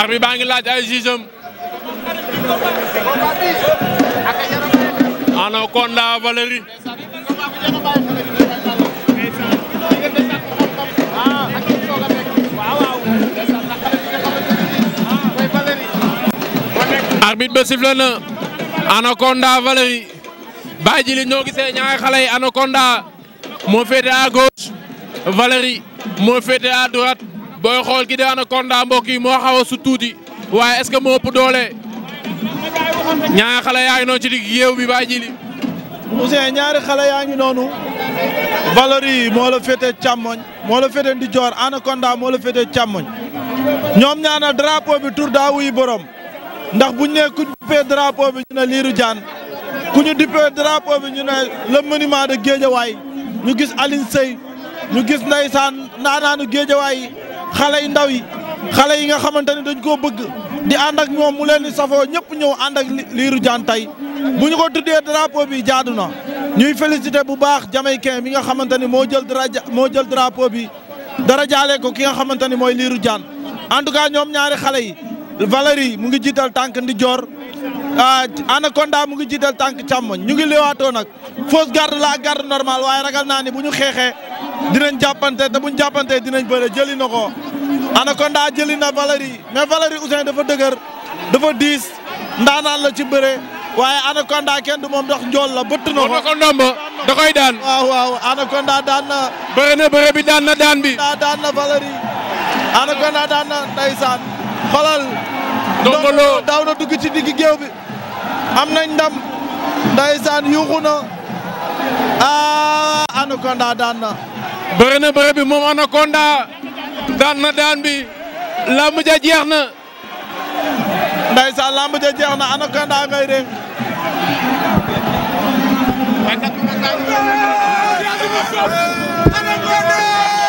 ar baa ngi laaj ay jugeem ano Konda Valérie arbitre ba sifflé na Anaconda Valérie Baye Djili ñoo gisee ñaari xale yi Anaconda moo féete à gauche Valérie moo féete à droite booy xool ki di Anaconda mbokk yi moo xaw a waaye est-ce que moo ëpp doole ñaari xale yaa ngi noonu ci digg yéew yaa ngi noonu Valérie moo la féete càmmoñ moo la féete ndijoor Anaconda moo la féete càmmoñ ñoom ñaana drapeau bi tur daa wuy borom ndax buñ ne ku jubbee drapeau bi ne liiru jaan. ku ñu dippee drapeau bi ñu ne le monument de Guédiawaye ñu gis Alioune Seye ñu gis ndeysaan naanaanu géejawaay xale yu ndaw yi xale yi nga xamante ne dañ koo bëgg di ànd ak moom mu leen di safoo ñëpp ñëw ànd ak liiru jaan tey bu ñu ko tuddee drapeau bi jaadu na ñuy félicité bubaax baax jamaïcain bi nga xamante ni moo jël daraja moo jël drapeau bi dara jaale ko ki nga xamante ni mooy liiru jaan en tout cas ñoom ñaari xale yi Valérie mu ngi jiital tànk ndijoor Euh, Anaconda mu ngi jiital tànk càmmoñ ñu ngi leewaatoo nag fausse garde la ak garde waaye ragal naa ni bu ñu xeexee dinañ jàppante te bu ñu jàppantee dinañ bëre jëli na ko Anaconda jëli na Valérie mais Valérie Ousseyn dafa dëgër dafa diis ndaanaan la ci bëre waaye Anaconda kenn du moom ndax njool la bëtt na ko. ko ndomba da koy daan. waaw bëre na bëre bi daan daan bi. daan na Valérie Anaconda xolal. ndongolo daw na dugg ci digg géew bi. am nañ ndam ndeysaan yuuxu na ah Anaconda daan na. bëri na bëri bi moom Anaconda daan na daan bi làmb ja jeex na. ndeysaan làmb ja jeex na Anaconda ngay réng.